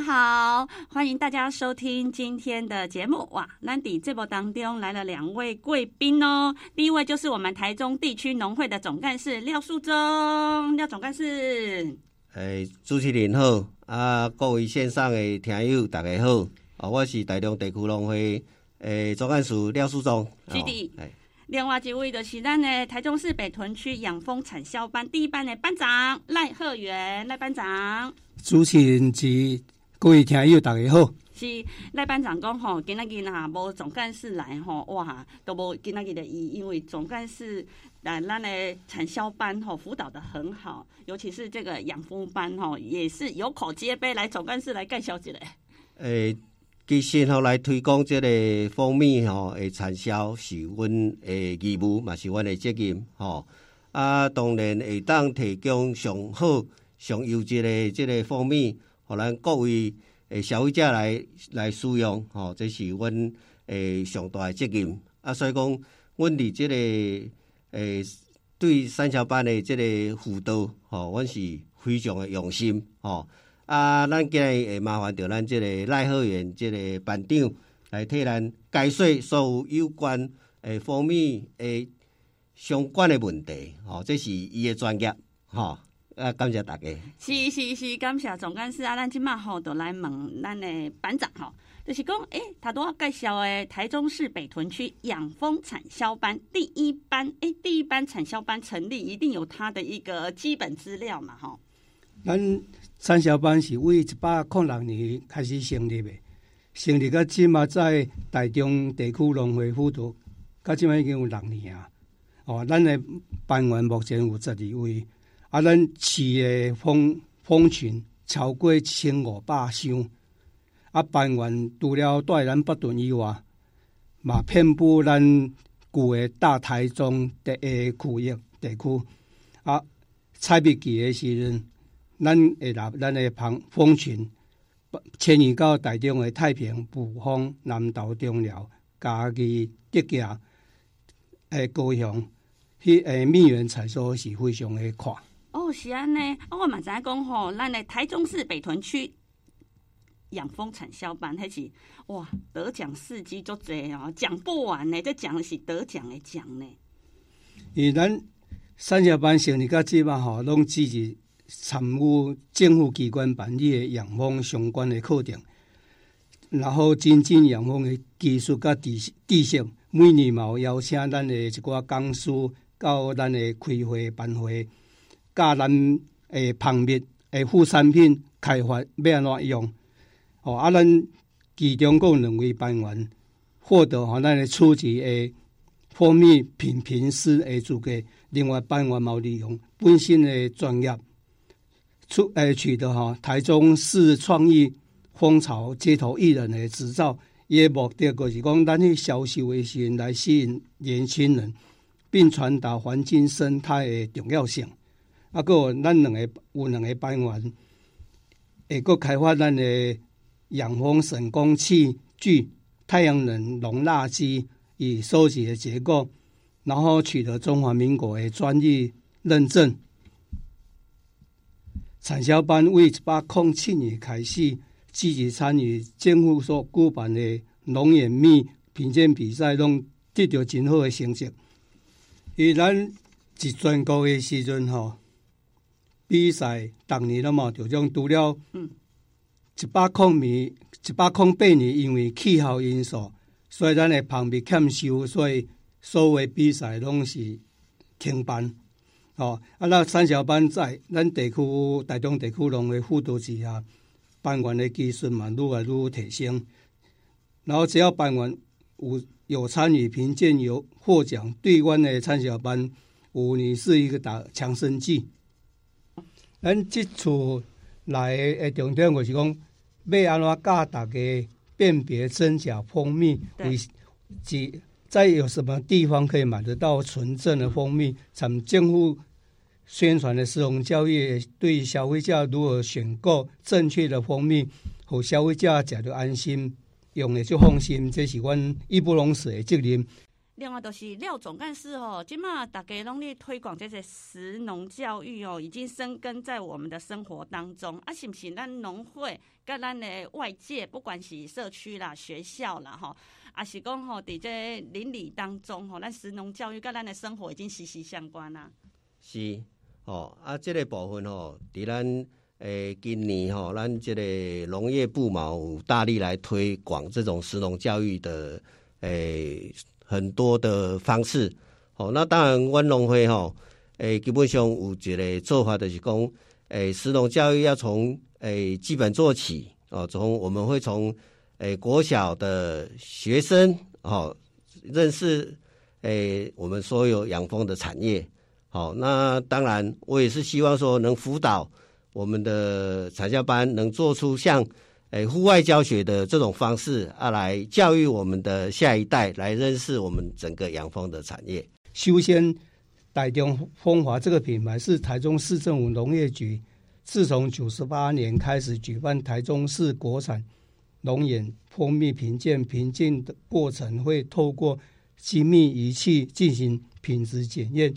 大家好，歡迎大家收聽今天的節目哇蘭迪這波當中來了兩位貴賓哦，第一位就是我們台中地區農會的總幹事廖述宗，廖總幹事。誒、欸，主持人好，啊，各位線上的聽友大家好，啊，我是台中地區農會誒、欸、總幹事廖述宗。基地 D，另外一位就是咱的台中市北屯區養蜂產銷班第一班的班長賴鶴元，賴班長。主持人及各位聽友，大家好。是賴班長講吼，今仔日若無總幹事來吼，哇都無今仔日的伊，因為總幹事來咱的產銷班，吼，輔導的很好，尤其是這個養蜂班吼，也是有口皆碑來總干事來介紹起、欸、來。誒，佮先後來推廣即個蜂蜜吼，誒產銷是阮誒義務嘛，是阮的責任吼、哦。啊，當然會當提供上好、上優質的即個蜂蜜。互咱各位誒消費者來來使用，吼，這是阮誒上大誒責任。啊，所以講、這個，阮佇即個誒對產銷班誒即個輔導，吼，阮是非常誒用心，吼。啊，咱今日會麻煩到咱即個賴鶴元即個班長來替咱解說所有有關誒方面誒相關誒問題，吼，這是伊誒專業，吼。啊，感謝大家！是是是，感謝總幹事啊，咱今嘛吼就來問咱的班長吼，就是講，誒、欸，他拄仔介紹的台中市北屯區養蜂產銷班第一班，誒、欸，第一班產銷班成立一定有他的一個基本資料嘛，吼，嗯嗯、咱產銷班是為一百零六年開始成立的，成立到今嘛在，在台中地區農會輔導，到今嘛已經有六年啊。哦，咱的班員目前有十二位。啊！咱飼誒蜂蜂群超過千五百箱。啊，搬運除了在咱北屯以外，嘛遍布咱舊誒大台中第一區域地區。啊，採蜜期誒時陣，咱會來咱個蜂蜂群遷移到台中誒太平步、埔港、南投、中寮、嘉義一界誒高雄，迄、那個蜜源採收是非常誒快。哦，是安尼。內，我嘛知影講吼，咱誒台中市北屯區養蜂產銷班，迄是哇得獎事跡足濟哦，講不完呢，這獎是得獎誒獎呢。以咱產銷班成立到即嘛吼，攏積極參與政府機關辦理誒養蜂相關誒課程，然後增進養蜂誒技術甲知識知識。每年嘛有邀請咱誒一寡公司到咱誒開會班會。甲咱誒，蜂蜜誒，副產品開發要安怎用？哦，啊，咱其中擱有兩位班員獲得咱誒初級誒蜂蜜品評師誒資格。另外，班員也有利用本身誒專業誒取得台中市創意蜂巢街頭藝人誒執照，伊誒目的就是講咱去銷售誒時陣來吸引年輕人，並傳達環境生態誒重要性。啊，擱有咱兩個有兩個班員，也個開發咱誒養蜂省工器具太陽能熔蠟機以收集誒結構，然後取得中華民國誒專利認證。產銷班為一百空七年開始積極參與政府所舉辦誒農業蜜評鑑比賽，攏得到真好誒成績。以咱一全國誒時陣吼。比賽逐年了嘛，就種除了一百零米、一百零八年，因為氣候因素，所以咱誒旁邊欠收，所以所有誒比賽攏是停辦。哦，啊，那產銷班在咱地區，台中地區，農會輔導之下，班員誒技術嘛，愈來愈提升。然後只要班員有有參與評鑑，有獲獎，對阮誒產銷班，無疑是一個打強生劑。咱即厝來誒重點就是講，要安怎教大家辨別真假蜂蜜，以即在有什麼地方可以買得到純正的蜂蜜。咱們政府宣傳的食農教育，對消費者如何選購正確的蜂蜜，互消費者吃着安心、用的就放心，這是阮義不容辭的責任。另外，就是廖總幹事哦，今嘛，大家努力推廣這些食農教育哦，已經深耕在我們的生活當中啊！是不是？咱農會跟咱的外界，不管是社區啦、學校啦，哈，啊，是講吼，說在這鄰里當中吼，咱食農教育跟咱的生活已經息息相關啦。是哦，啊，這個部分哦，在咱誒今年哦，咱這個農業部嘛，大力來推廣這種食農教育的誒。欸很多的方式，好，那當然溫龍輝誒，基本上有一個做法就是說，誒，食農教育要從誒基本做起，哦，從我們會從誒國小的學生哦，認識誒我們所有養蜂的產業，好，那當然我也是希望說能輔導我們的產銷班能做出像。哎、戶外教學的這種方式啊，來教育我們的下一代，來認識我們整個養蜂的產業。修仙台中蜂華這個品牌是台中市政府農業局，自從九十八年開始舉辦台中市國產龍眼蜂蜜品鑑，評鑑的過程會透過精密儀器進行品質檢驗，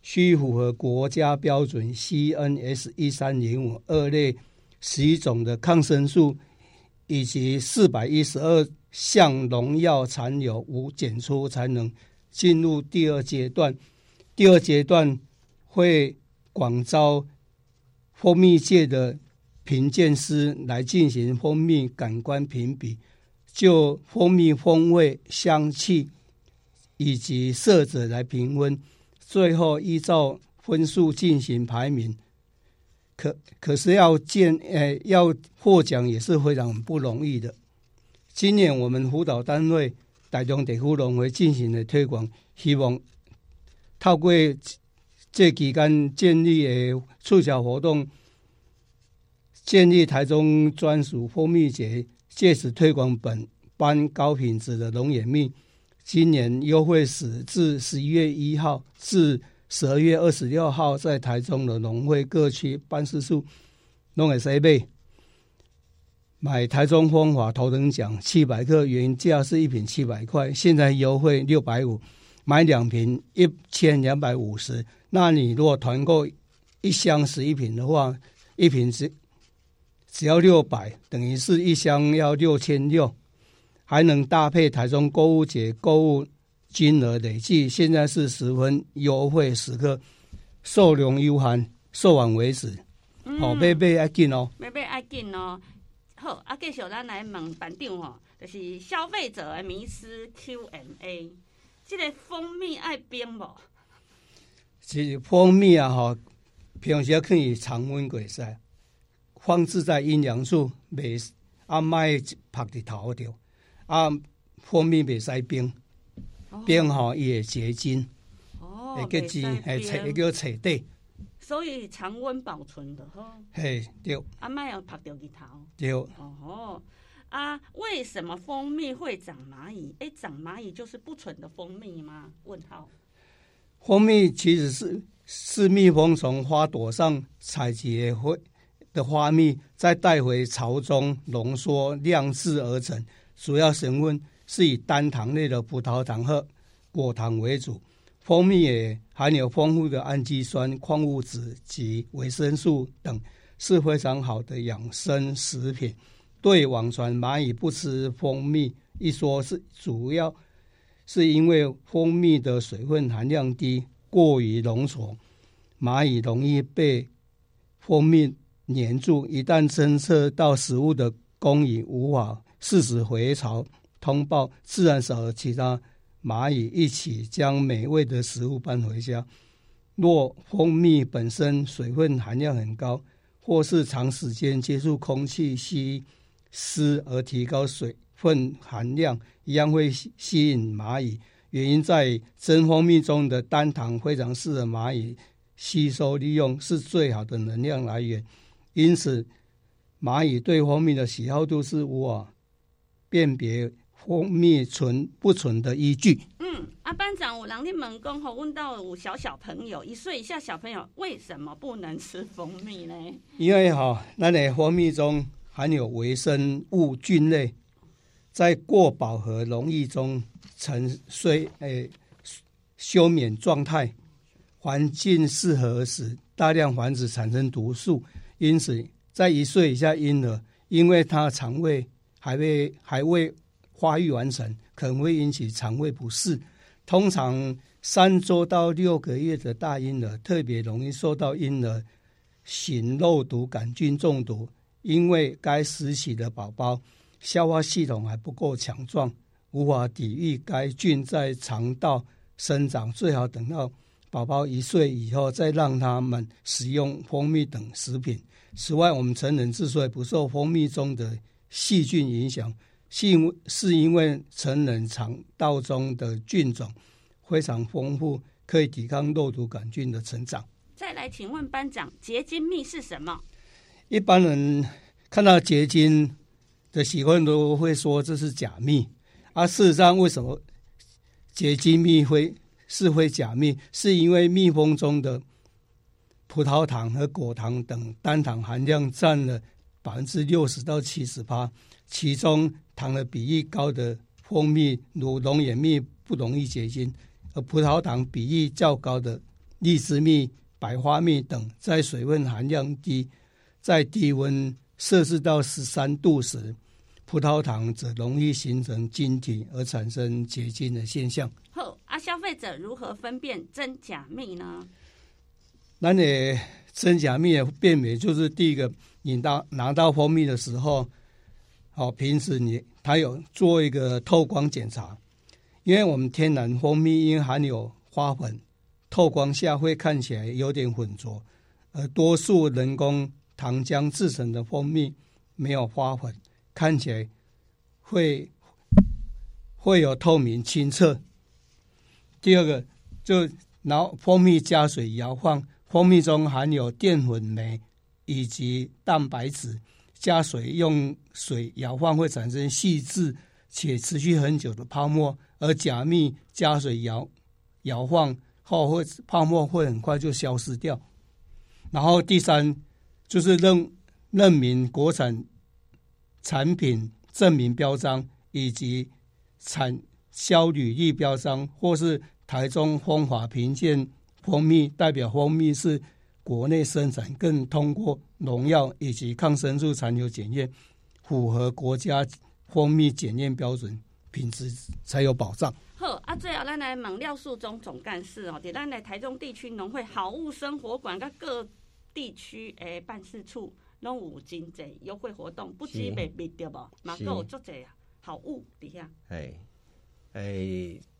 需符合國家標準 CNS 一三零五二類。十一種的抗生素以及四百一十二項農藥殘留無檢出，才能進入第二階段。第二階段會廣招蜂蜜界的評鑑師來進行蜂蜜感官評比，就蜂蜜風味、香氣以及色澤來評分，最後依照分數進行排名。可可是要建誒、欸，要獲獎也是非常不容易的。今年我們輔導單位台中地區農會進行了推廣，希望透過這期間建立的促銷活動，建立台中專屬蜂蜜節，借此推廣本班高品質的龍眼蜜。今年優惠時至十一月一號至。十二月二十六號，在台中的農會各區辦事處弄給誰備，買台中風華頭等獎七百克，原價是一瓶七百塊，現在優惠六百五，買兩瓶一千兩百五十。那你如果團購一箱十一瓶的話，一瓶只只要六百，等於是一箱要六千六，還能搭配台中購物節購物金額累計，現在是十分優惠時刻，售量有限，售完為止。好、嗯，買買要緊哦，買買要緊哦，哦。好，啊，繼續，咱來問班長哦，就是消費者的迷思 QMA，這個蜂蜜愛冰無？其實蜂蜜啊，吼，平常時可以常溫過使，放置在陰涼處，未啊，賣曝日頭着，啊，蜂蜜未使冰。冰好也結晶哦，會結晶還採也叫採蜜，所以常溫保存的哈。嘿，對。阿嬤要拍掉一頭，對。哦啊，為什麼蜂蜜會長螞蟻？誒、欸，長螞蟻就是不純的蜂蜜嗎？問號。蜂蜜其實是是蜜蜂從花朵上採集會的花蜜，再帶回巢中濃縮釀製而成。主要成分是以單糖類的葡萄糖和。果糖為主，蜂蜜也含有豐富的氨基酸、礦物質及維生素等，是非常好的養生食品。對網傳螞蟻不吃蜂蜜一說，是主要是因為蜂蜜的水分含量低，過於濃稠，螞蟻容易被蜂蜜黏住。一旦偵測到食物的工蟻無法適時回巢通報，自然少了其他。螞蟻一起將美味的食物搬回家。若蜂蜜本身水分含量很高，或是長時間接觸空氣吸濕而提高水分含量，一樣會吸引螞蟻。原因在於真蜂蜜中的單糖非常適合螞蟻吸收利用，是最好的能量來源。因此，螞蟻對蜂蜜的喜好度是無法辨別蜂蜜純不純的依據？嗯，阿班長，我讓你門工吼問到，我小小朋友一歲以下小朋友為什麼不能吃蜂蜜呢？因為哈、哦，那呢，蜂蜜中含有微生物菌類，在過飽和溶液中沉睡，哎、呃，休眠狀態，環境適合時，大量繁殖產生毒素，因此在一歲以下嬰兒，因為他腸胃還未還未。發育完成，可能會引起腸胃不適，通常三周到六個月的大嬰兒特別容易受到嬰兒型肉毒桿菌中毒，因為該時期的寶寶消化系統還不夠強壯，無法抵禦該菌在腸道生長。最好等到寶寶一歲以後再讓他們食用蜂蜜等食品。此外，我們成人之所以不受蜂蜜中的細菌影響。是因為是因為成人腸道中的菌種非常豐富，可以抵抗肉毒桿菌的成長。再來，請問班長，結晶蜜是什麼？一般人看到結晶的習慣都會說這是假蜜，而、啊、事實上，為什麼結晶蜜會是會假蜜？是因為蜜蜂中的葡萄糖和果糖等單糖含量佔了。百分之六十到七十八，其中糖的比例高的蜂蜜、如龍眼蜜不容易結晶，而葡萄糖比例較高的荔枝蜜、百花蜜等，在水分含量低、在低溫攝氏到十三度時，葡萄糖則容易形成晶體而產生結晶的現象。好啊，消費者如何分辨真假蜜呢？那你。真假蜜的辨別就是第一個，你到拿到蜂蜜的時候，好，平時你它有做一個透光檢查，因為我們天然蜂蜜因為含有花粉，透光下會看起來有點渾濁，而多數人工糖漿製成的蜂蜜沒有花粉，看起來會會有透明清澈。第二個就拿蜂蜜加水搖晃。蜂蜜中含有澱粉酶以及蛋白質，加水用水搖晃會產生細緻且持續很久的泡沫，而假蜜加水搖搖晃後會泡沫會很快就消失掉。然後第三就是認認明國產產品證明標章以及產銷履歷標章，或是台中風華平鑑，蜂蜜代表蜂蜜是國內生產，更通過農藥以及抗生素殘留檢驗，符合國家蜂蜜檢驗標準，品質才有保障。好，啊，最後咱來問廖述宗總幹事哦，給咱來台中地區農會好物生活館跟各地區誒辦事處，攏有真濟優惠活動，不被好物，底下，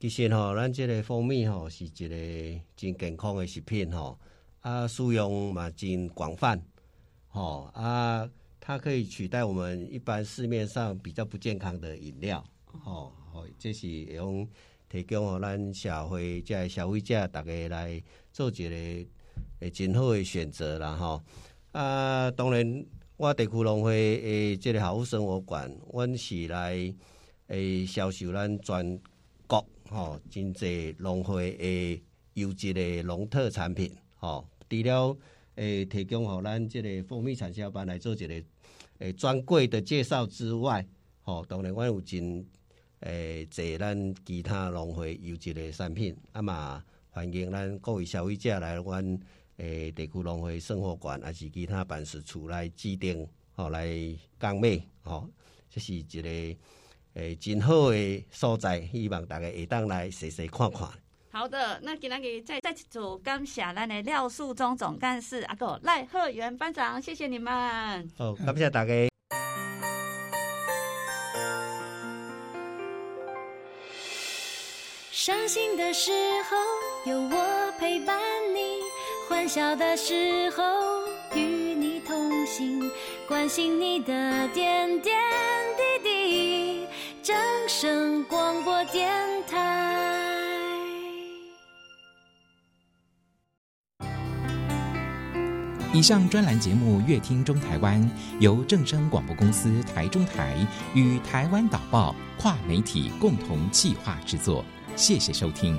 其實吼，咱即個蜂蜜吼是一個真健康誒食品吼，啊，使用嘛真廣泛，吼啊，它可以取代我們一般市面上比較不健康的飲料，吼、啊，這是用提供吼咱社會即個消費者大家來做一個誒真好誒選擇，啦吼。啊，當然我地區農會誒，即個好物生活館，阮是來誒銷售咱專。國吼，真儕農會誒優質誒農特產品吼、哦，除了誒、欸、提供互咱即個蜂蜜產銷班來做一個誒專櫃的介紹之外，吼、哦，當然阮有真誒儕咱其他農會優質誒產品，啊，嘛歡迎咱各位消費者來阮誒、欸、地區農會生活館，啊，是其他辦事處來指定，吼、哦，來購買，吼、哦，這是一個。誒、欸，真好的所在，希望大家下當來細細看看。好的，那今天給再再次感謝咱的廖述宗總幹事阿哥賴鶴元班長，謝謝你們。好，感謝大家。傷、嗯、心的時候有我陪伴你，歡笑的時候與你同行，關心你的點點滴滴。正聲廣播電台。以上專欄節目《樂聽中台灣》由正聲廣播公司台中台與台灣導報跨媒體共同企劃製作，謝謝收聽。